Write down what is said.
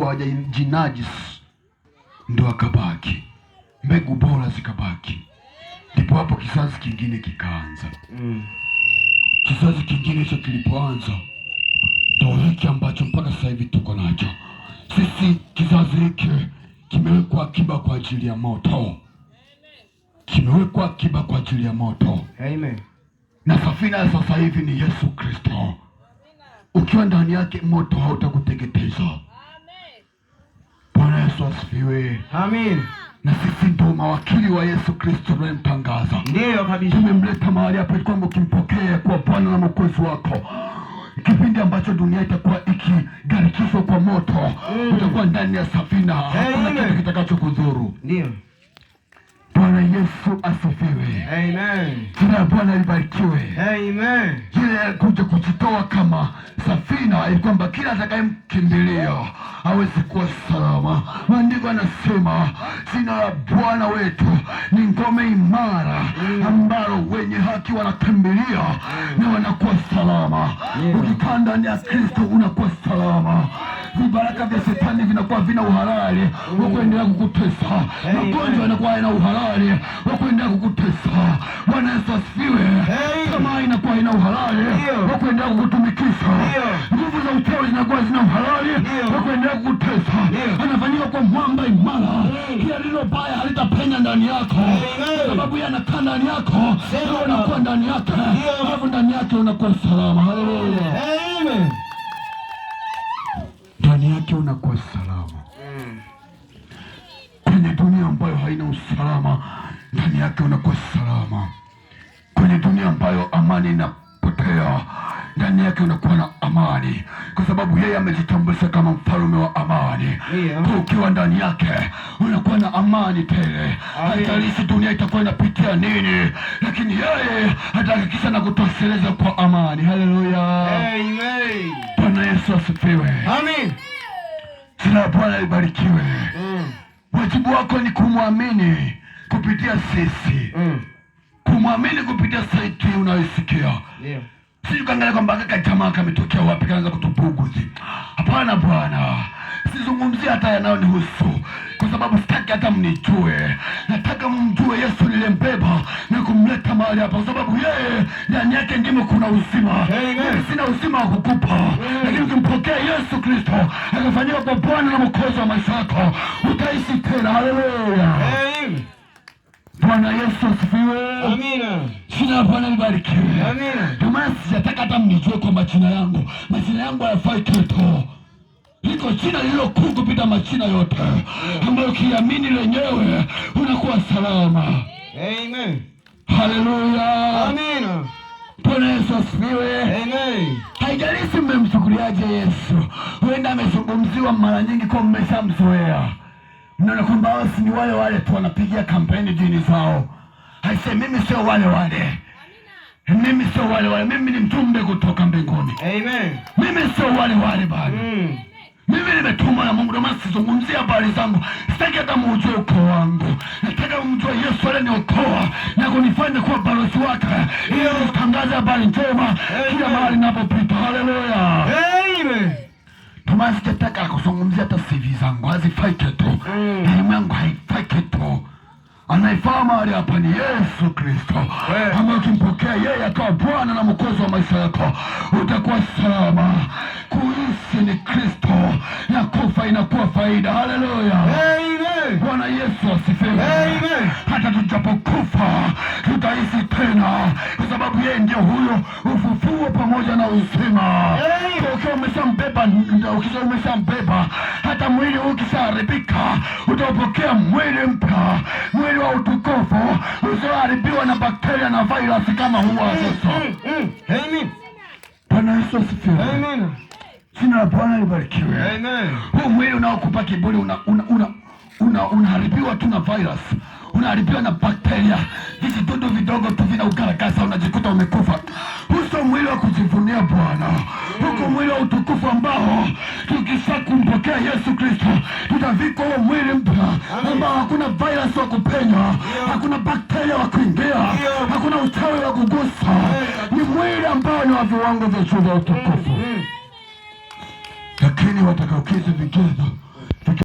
watu hawajajinajis, ndo akabaki mbegu bora zikabaki, ndipo hapo kizazi kingine kikaanza. Mm. Kizazi kingine hicho kilipoanza ndo hiki ambacho mpaka sasa hivi tuko nacho sisi. Kizazi hiki kimewekwa akiba kwa ajili ya moto, kimewekwa akiba kwa ajili ya moto. Amen. Na safina ya sasa hivi ni Yesu Kristo. Ukiwa ndani yake moto hautakuteketeza. Yesu asifiwe. Amen. Na sisi ndio mawakili wa Yesu Kristo tunayemtangaza. Ndio kabisa. Tumemleta mahali hapa kwamba ukimpokea kwa Bwana na Mwokozi wako kipindi ambacho dunia itakuwa ikigarikishwa kwa moto, mm. utakuwa ndani ya safina, hakuna kitu kitakachokudhuru. Ndio. Yesu asifiwe. Amen. Jina Bwana libarikiwe. Amen. Jina alikuja kujitoa kama safina, ili kwamba kila atakayemkimbilia awezi kuwa salama. Maandiko anasema jina la Bwana wetu ni ngome imara, mm. ambalo wenye haki wanakimbilia na wanakuwa salama. Ukipanda ndani ya Kristo unakuwa salama vibaraka vya shetani vinakuwa vina uhalali wa kuendelea kukutesa, magonjwa yanakuwa yana uhalali wa kuendelea kukutesa. Bwana Yesu asifiwe. Tamaa inakuwa ina uhalali wa kuendelea kukutumikisha, nguvu za uchawi zinakuwa zina uhalali wa kuendelea kukutesa. Anafanyika kwa mwamba imara, kila lilo baya halitapenya ndani yako, sababu yeye anakaa ndani yako, unakuwa ndani yake, alafu ndani yake unakuwa salama. Haleluya ndani yake unakuwa salama. Hmm. Kwenye dunia ambayo haina usalama, ndani yake unakuwa salama. Kwenye dunia ambayo amani inapotea, ndani yake unakuwa na amani, kwa sababu yeye amejitambulisha kama mfalme wa amani. Ukiwa ndani yake unakuwa na amani tele, haijalishi dunia itakuwa inapitia nini, lakini yeye atahakikisha na kutosheleza kwa amani. Haleluya, Bwana Yesu asifiwe. Amen la Bwana libarikiwe. Mm. Wajibu wako ni kumwamini kupitia sisi. Mm. Kumwamini kupitia sauti unayoisikia. Yeah. Sisi kangalia kwamba kaka jamaa kametokea wapi kaanza kutupuguzi. Hapana bwana. Sizungumzia hata yanayonihusu sababu sitaki hata mnijue. Nataka mjue Yesu nilembeba na kumleta mahali hapa, kwa sababu yeye ndani yake ndimo kuna uzima. Mimi sina uzima wa kukupa, lakini ukimpokea Yesu Kristo akafanyika kwa Bwana na Mwokozi wa maisha yako utaishi tena. Haleluya! Bwana Yesu asifiwe. Amina. Jina la Bwana libarikiwe. Amina. Ndio maana sijataka hata mnijue kwa majina yangu, majina yangu hayafai kitu liko jina lililokuu kupita majina yote, ambayo ukiamini lenyewe unakuwa salama. Amen. Haleluya. Amen. Bwana Yesu asifiwe. Haijalishi mmemchukuliaje Yesu, huenda amezungumziwa mara nyingi kwa mmeshamzoea, mnaona kwamba hao ni wale wale tu wanapigia kampeni dini zao. Haise, mimi sio wale wale, mimi sio wale wale, mimi ni mjumbe kutoka mbinguni. Amen. Mimi sio wale wale bali mm. Mimi nimetumwa na Mungu, ndio maana sizungumzia habari zangu. Sitaki hata mujue uko wangu, nataka mjue Yesu aliyeniokoa na kunifanya kuwa balozi wake, ili nitangaze habari njema kila mahali ninapopita. Haleluya, amen. Ndio maana sitataka kuzungumzia hata CV zangu, hazifai kitu. Mm. Elimu yangu haifai kitu. Anaifaa mahali hapa ni Yesu Kristo Kama ukimpokea yeye akawa Bwana na Mwokozi wa maisha yako utakuwa salama ni Kristo, na kufa inakuwa faida. Haleluya, amen. Bwana Yesu asifiwe. amen. Hata tujapokufa tutaishi tena, kwa sababu yeye ndio huyo ufufuo pamoja na uzima. Ukiwa umeshambeba, ukisha umeshambeba, hata mwili ukishaharibika, utapokea mwili mpya, mwili wa utukufu usioharibiwa na bakteria na vairasi kama huwa sasa. Mm, mm, mm. Amen. Bwana Yesu asifiwe. Amen. Jina la Bwana libarikiwe. Amen. Huu mwili unaokupa kiburi una una, una, una tu na virus, unaharibiwa na bakteria, vijidudu vidogo tu ukarakasa unajikuta umekufa. Huso mwili wa kujivunia Bwana, huko mwili wa utukufu ambao tukisha kumpokea Yesu Kristo tutavikwa huo mwili mpya ambao hakuna virus wa kupenya, hakuna bakteria wa kuingia, hakuna uchawi wa kugusa. Ni mwili ambao ni wa viwango vya juu vya utukufu. kiss watakaoketi vigezo